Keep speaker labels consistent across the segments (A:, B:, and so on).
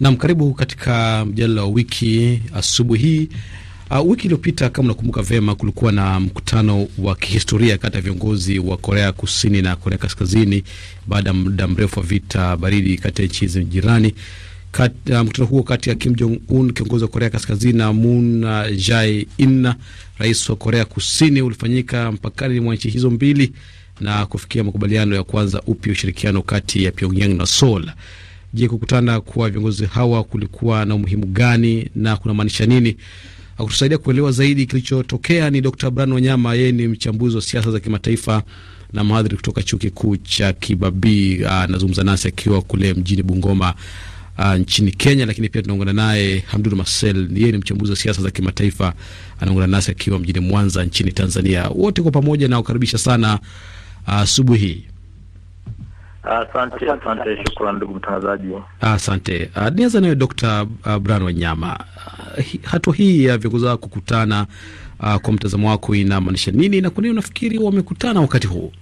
A: Nam, karibu katika mjadala wa wiki asubuhi hii. Uh, wiki iliyopita kama unakumbuka vema kulikuwa na mkutano wa kihistoria kati ya viongozi wa Korea Kusini na Korea Kaskazini baada ya muda mrefu wa vita baridi kati ya nchi hizi jirani. Uh, mkutano huo kati ya Kim Jong Un, kiongozi wa Korea Kaskazini, na Moon Jae-in, rais wa Korea Kusini, ulifanyika mpakani mwa nchi hizo mbili na kufikia makubaliano ya kwanza upya ushirikiano kati ya Pyongyang na Seoul. Je, kukutana kwa viongozi hawa kulikuwa na umuhimu gani na kunamaanisha nini? Akutusaidia kuelewa zaidi kilichotokea ni Dr. Brian Wanyama. Yeye ni mchambuzi wa siasa za kimataifa na mhadhiri kutoka chuo kikuu cha Kibabii. Anazungumza nasi akiwa kule mjini Bungoma a, ah, nchini Kenya. Lakini pia tunaungana naye Hamdul Masel, yeye ni mchambuzi wa siasa za kimataifa, anaungana nasi akiwa mjini Mwanza nchini Tanzania. Wote kwa pamoja nawakaribisha sana ah, asubuhi hii.
B: Asante, asante, shukrani ndugu mtangazaji.
A: Asante. Ah, Nianza nawe Dr. Ah, Brian Wanyama, ah, hatua hii ya viongozi wao kukutana, uh, kwa mtazamo wako inamaanisha nini na kwa nini unafikiri wamekutana wakati huu?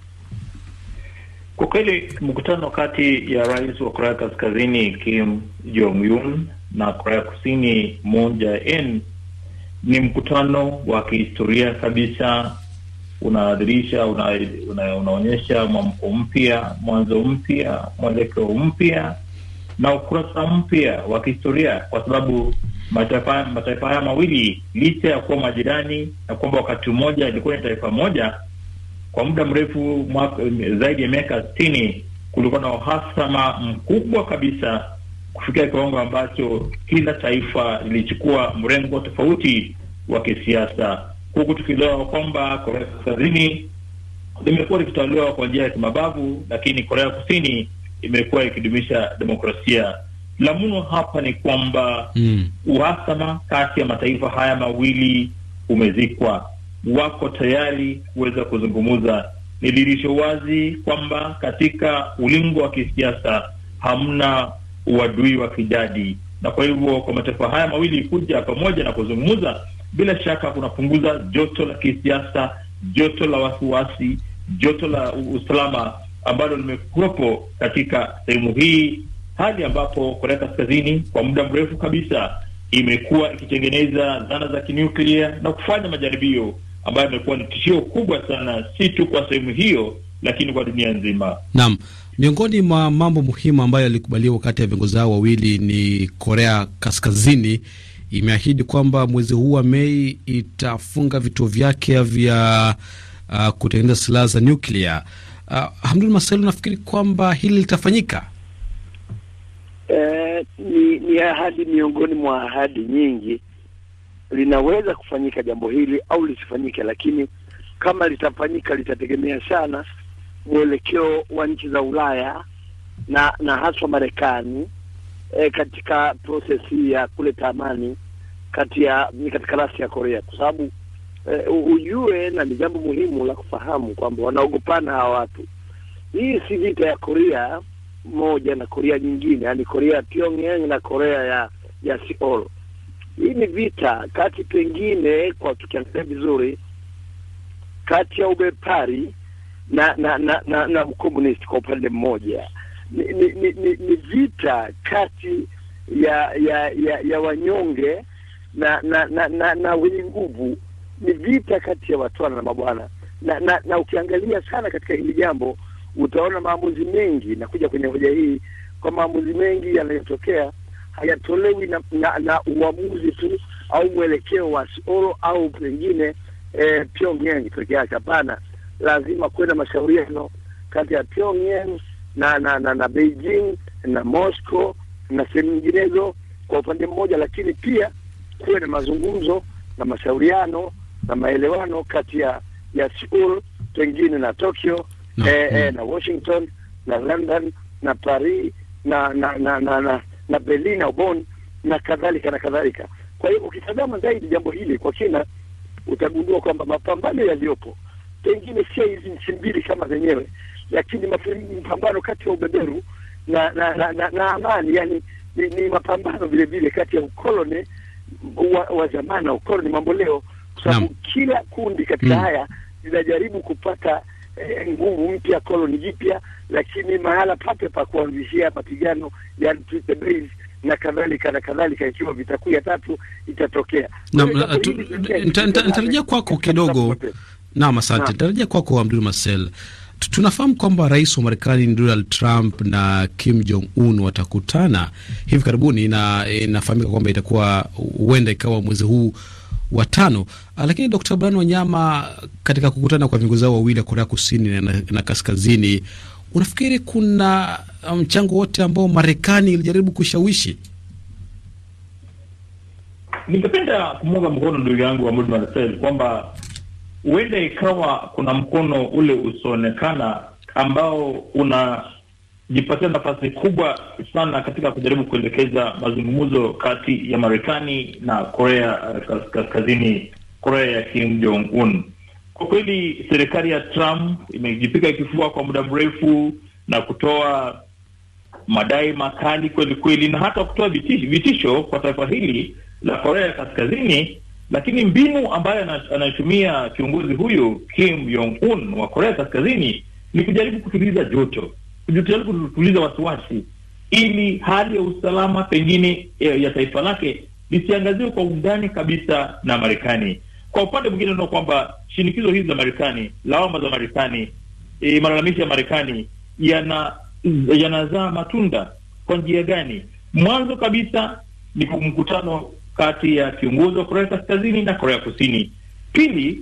B: Kwa kweli mkutano kati ya rais wa Korea Kaskazini Kim Jong Un na Korea Kusini Moon Jae-in ni mkutano wa kihistoria kabisa unadhirisha una, una, unaonyesha mwamko mpya, mwanzo mpya, mwelekeo mpya na ukurasa mpya wa kihistoria, kwa sababu mataifa mataifa haya mawili licha ya kuwa majirani na kwamba wakati mmoja ilikuwa ni taifa moja, kwa muda mrefu zaidi ya miaka sitini kulikuwa na uhasama mkubwa kabisa kufikia kiwango ambacho kila taifa lilichukua mrengo tofauti wa kisiasa huku tukielewa kwamba Korea Kaskazini limekuwa likitolewa kwa njia ya kimabavu, lakini Korea Kusini imekuwa ikidumisha demokrasia. La muno hapa ni kwamba mm, uhasama kati ya mataifa haya mawili umezikwa, wako tayari kuweza kuzungumza. Ni dirisho wazi kwamba katika ulingo wa kisiasa hamna uadui wa kijadi, na kwa hivyo kwa mataifa haya mawili kuja pamoja na kuzungumza bila shaka kunapunguza joto la kisiasa, joto la wasiwasi, joto la usalama ambalo limekuwepo katika sehemu hii, hali ambapo Korea Kaskazini kwa muda mrefu kabisa imekuwa ikitengeneza zana za kinuklia na kufanya majaribio ambayo imekuwa ni tishio kubwa sana, si tu kwa sehemu hiyo, lakini kwa dunia nzima.
A: Naam. Miongoni mwa mambo muhimu ambayo yalikubaliwa kati ya viongozi hao wawili ni Korea Kaskazini imeahidi kwamba mwezi huu wa Mei itafunga vituo vyake vya uh, kutengeneza silaha za nuklia Uh, Hamdul Masel, unafikiri kwamba hili litafanyika?
C: Eh, ni, ni ahadi miongoni mwa ahadi nyingi. Linaweza kufanyika jambo hili au lisifanyike, lakini kama litafanyika litategemea sana mwelekeo wa nchi za Ulaya na na haswa Marekani e, katika proses hii ya kuleta amani kati ya katika rasi ya Korea, kwa sababu e, ujue, na ni jambo muhimu la kufahamu kwamba wanaogopana hawa watu. Hii si vita ya Korea moja na Korea nyingine, yani Korea ya Pyongyang na Korea ya ya Seoul. Hii ni vita kati, pengine kwa tukiangalia vizuri, kati ya ubepari na na na na, na ukomunisti kwa upande mmoja ni, ni, ni, ni, vita kati ya ya ya, ya wanyonge na na na, na, na wenye nguvu, ni vita kati ya watwana na mabwana na, na, na ukiangalia sana katika hili jambo utaona maamuzi mengi, nakuja kwenye hoja hii, kwa maamuzi mengi yanayotokea hayatolewi na, na, na uamuzi tu au mwelekeo wa Seoul au pengine eh, Pyongyang peke yake. Hapana, lazima kwenda mashauriano kati ya Pyongyang na na, na, na Beijing na Moscow na sehemu nyinginezo kwa upande mmoja, lakini pia kuwe na mazungumzo na mashauriano na maelewano kati ya ya Seoul pengine na Tokyo no. eh, eh mm. eh, na Washington na London na Paris na na na na, na, na Berlin au Bonn na kadhalika na kadhalika. Kwa hiyo ukitazama zaidi jambo hili kwa kina, utagundua kwamba mapambano yaliyopo pengine sio hizi nchi mbili kama zenyewe lakini mpambano kati ya ubeberu na na, na, na, na amani yani ni, ni mapambano vile vile kati ya ukoloni wa, wa zamani na ukoloni mambo leo, kwa sababu kila kundi katika mm. haya linajaribu kupata eh, nguvu mpya, koloni jipya, lakini mahala pape pa kuanzishia mapigano yani the base na kadhalika na kadhalika, ikiwa vita kuu ya tatu itatokea. Eh, nitarejea
A: kwako kidogo. Naam, asante, nitarejea kwako Abdul Marcel. Tunafahamu kwamba rais wa Marekani Donald Trump na Kim Jong Un watakutana hivi karibuni, na inafahamika kwamba itakuwa huenda ikawa mwezi huu wa tano. Lakini Dr Brian Wanyama, katika kukutana kwa viongozi hao wawili ya Korea Kusini na, na Kaskazini, unafikiri kuna um, mchango um, wote ambao Marekani ilijaribu kushawishi?
B: Ningependa kumuunga mkono ndugu yangu Amud Marcel kwamba huenda ikawa kuna mkono ule usioonekana ambao unajipatia nafasi kubwa sana katika kujaribu kuelekeza mazungumzo kati ya Marekani na Korea eh, Kaskazini, Korea ya Kim Jong Un. Kwa kweli serikali ya Trump imejipika kifua kwa muda mrefu na kutoa madai makali kweli kweli, na hata kutoa vitisho, vitisho kwa taifa hili la Korea Kaskazini lakini mbinu ambayo anayotumia kiongozi huyu Kim Jong Un wa Korea Kaskazini ni kujaribu kutuliza joto, kujaribu kutuliza wasiwasi, ili hali ya usalama pengine ya taifa lake lisiangaziwe kwa undani kabisa na Marekani. Kwa upande mwingine, naona kwamba shinikizo hizi za Marekani, lawama za Marekani, e, malalamishi ya Marekani yana yanazaa matunda. Kwa njia gani? Mwanzo kabisa ni mkutano kati ya kiongozi wa Korea Kaskazini na Korea Kusini. Pili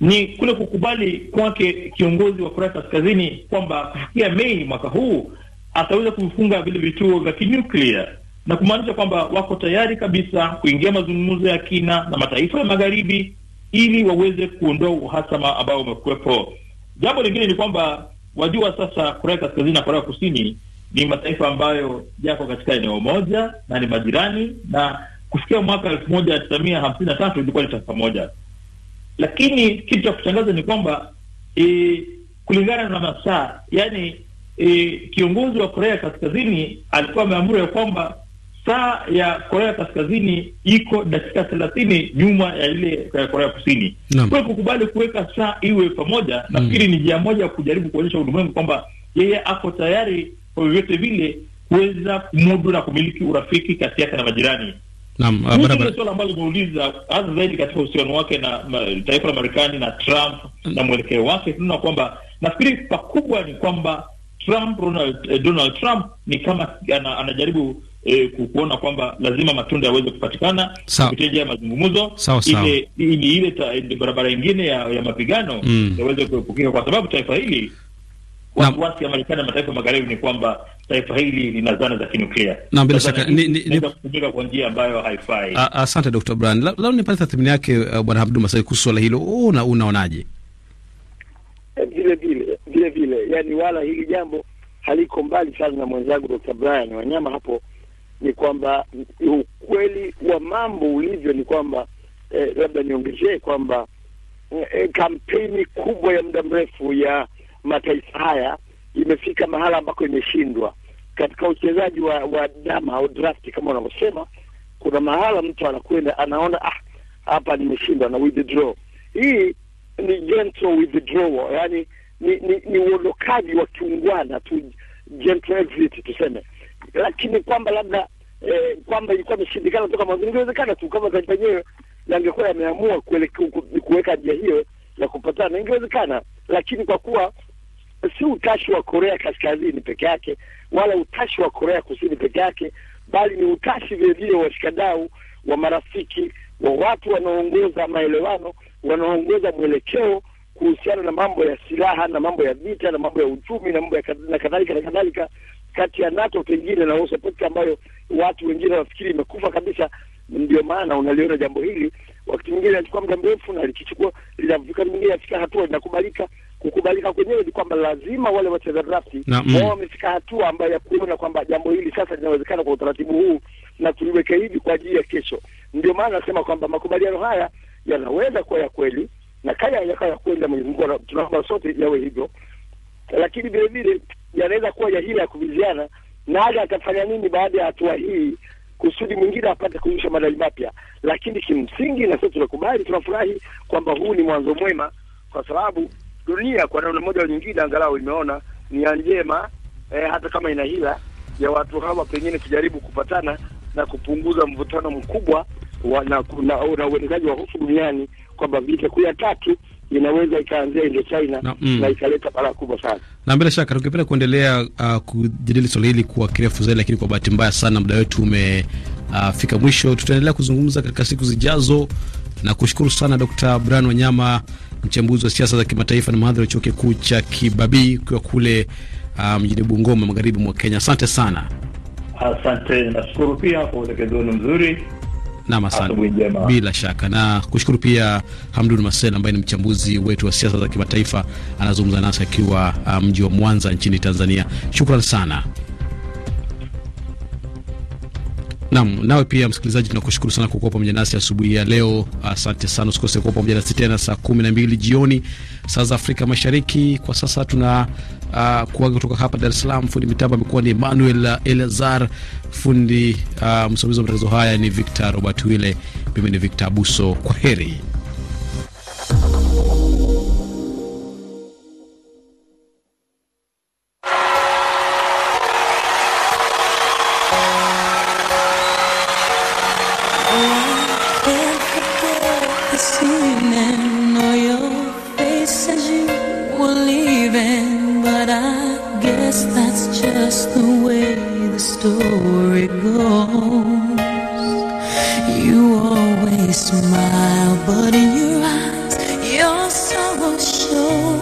B: ni kule kukubali kwake kiongozi wa Korea Kaskazini kwamba kufikia Mei mwaka huu ataweza kuvifunga vile vituo vya kinyuklia na kumaanisha kwamba wako tayari kabisa kuingia mazungumzo ya kina na mataifa ya magharibi ili waweze kuondoa uhasama ambao umekuwepo. Jambo lingine ni kwamba wajua, sasa Korea Kaskazini na Korea Kusini ni mataifa ambayo yako katika eneo moja na ni majirani, na kufikia mwaka elfu moja tisa mia hamsini na tatu ilikuwa ni taifa moja, lakini kitu cha kushangaza ni kwamba e, kulingana na masaa yani e, kiongozi wa Korea Kaskazini alikuwa ameamuru ya kwamba saa ya Korea Kaskazini iko dakika thelathini nyuma ya ile ya Korea Kusini. Kwa kukubali kuweka saa iwe pamoja, mm. nafikiri ni njia moja kujaribu kuonyesha ulimwengu kwamba yeye ako tayari kwa vyovyote vile kuweza kumudu na kumiliki urafiki kati yake na majirani.
A: Naam, uh, barabara
B: swala ambalo limeuliza hasa zaidi katika uhusiano wake na ma, taifa la Marekani na Trump na mwelekeo wake, tunaona kwamba nafikiri pakubwa ni kwamba Trump Ronald, eh, Donald Trump ni kama ana, anajaribu eh, kuona kwamba lazima matunda yaweze kupatikana kupitia njia ya mazungumzo, ile ile barabara ingine ya, ya mapigano mm, yaweze kuepukika kwa sababu taifa hili wasiwasi ya Marekani na mataifa magharibi ni kwamba taifa hili lina zana za kinuklia na bila shaka kutumika kwa njia ambayo haifai.
A: Asante Dr. Brian, labda nipate tathmini yake uh, Bwana Abdu Masai kuhusu swala hilo, unaonaje?
C: Eh, vile vile vile vile, yani wala hili jambo haliko mbali sana na mwenzangu Dr. Brian Wanyama hapo. Ni kwamba ukweli wa mambo ulivyo ni kwamba eh, labda niongezee kwamba eh, eh kampeni kubwa ya muda mrefu ya mataifa haya imefika mahala ambako imeshindwa katika uchezaji wa, wa dama au draft kama unavyosema. Kuna mahala mtu anakwenda anaona, ah, hapa nimeshindwa na withdraw. Hii ni gentle withdrawal, yani ni ni, ni uondokaji wa kiungwana tu, gentle exit tuseme, lakini kwamba labda eh, kwamba ilikuwa imeshindikana toka mwanzo. Ingewezekana tu kama taifa yenyewe yangekuwa yameamua kuweka njia hiyo ya kupatana, ingewezekana, lakini kwa kuwa si utashi wa Korea Kaskazini peke yake wala utashi wa Korea Kusini peke yake, bali ni utashi vilevile wa washikadau wa marafiki wa watu wanaoongoza maelewano, wanaoongoza mwelekeo kuhusiana na mambo ya silaha na mambo ya vita na mambo ya uchumi na mambo ya kadhalika na kadhalika, kati ya NATO pengine na OSCE ambayo watu wengine wanafikiri imekufa kabisa. Ndio maana unaliona jambo hili wakati mwingine alichukua muda mrefu na likichukua linafika, mwingine afika hatua linakubalika kukubalika kwenyewe ni kwamba lazima wale wacheza drafti mm. wao wamefika hatua ambayo ya kuona kwamba jambo hili sasa linawezekana kwa utaratibu huu na tuliweke hivi kwa ajili ya kesho. Ndio maana nasema kwamba makubaliano haya yanaweza kuwa ya kweli na kaya yakawa ya kweli, Mwenyezi Mungu tunaomba sote yawe hivyo, lakini vile vile yanaweza kuwa ya hila ya kuviziana na atafanya nini baada ya hatua hii kusudi mwingine apate kuzusha madai mapya. Lakini kimsingi, na sisi tunakubali, tunafurahi kwamba huu ni mwanzo mwema, kwa sababu dunia kwa namna moja au nyingine angalau imeona ya njema eh, hata kama ina hila ya watu hawa pengine kujaribu kupatana na kupunguza mvutano mkubwa wa, na, na, na uenezaji wa hofu duniani kwamba vita kuu ya tatu inaweza ikaanzia ile China na, mm, na ikaleta balaa kubwa sana.
A: Na bila shaka tungependa kuendelea uh, kujadili swala hili kwa kirefu zaidi, lakini kwa bahati mbaya sana muda wetu umefika uh, mwisho. Tutaendelea kuzungumza katika siku zijazo na kushukuru sana Dr. Brian Wanyama mchambuzi wa siasa za kimataifa na mhadhiri wa chuo kikuu cha Kibabii ukiwa kule uh, mjini um, Bungoma, magharibi mwa Kenya. Asante sana.
B: Asante, nashukuru pia kwa utekelezaji mzuri.
A: Nam, asante bila shaka, na kushukuru pia Hamdun Masel ambaye ni mchambuzi wetu wa siasa za kimataifa, anazungumza nasi akiwa uh, mji um, wa Mwanza nchini Tanzania. Shukran sana. Naam, nawe pia msikilizaji, tunakushukuru sana kwa kuwa pamoja nasi asubuhi ya leo. Asante sana, usikose kuwa pamoja nasi tena saa kumi na mbili jioni saa za Afrika Mashariki. Kwa sasa tuna uh, kuaga kutoka hapa Dar es Salaam. Fundi mitambo amekuwa ni Emmanuel Elazar, fundi uh, msimamizi wa matangazo haya ni Victor Robert Wile, mimi ni Victor Abuso. Kwa heri. it goes. You always smile, but in your eyes, your sorrow shows.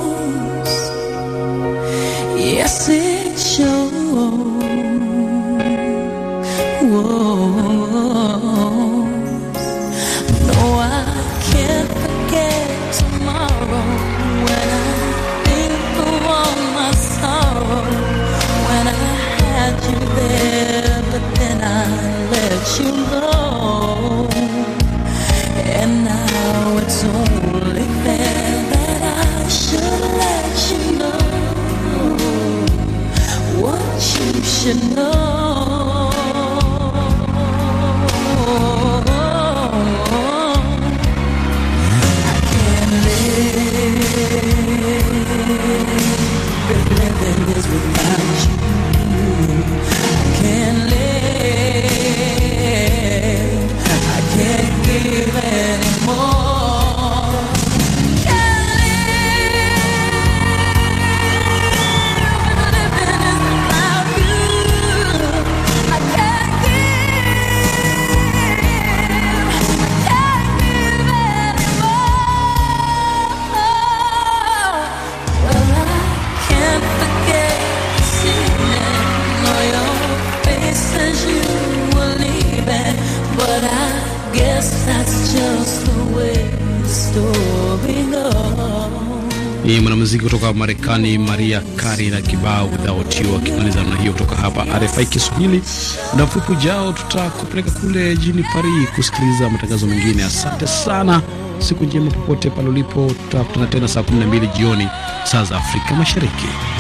A: muziki kutoka Marekani, Maria Kari na kibao without you, akimaliza namna hiyo. Kutoka hapa RFI Kiswahili, muda mfupi ujao tutakupeleka kule jini Paris kusikiliza matangazo mengine. Asante sana, siku njema popote pale ulipo. Tutakutana tena saa 12 jioni saa za Afrika Mashariki.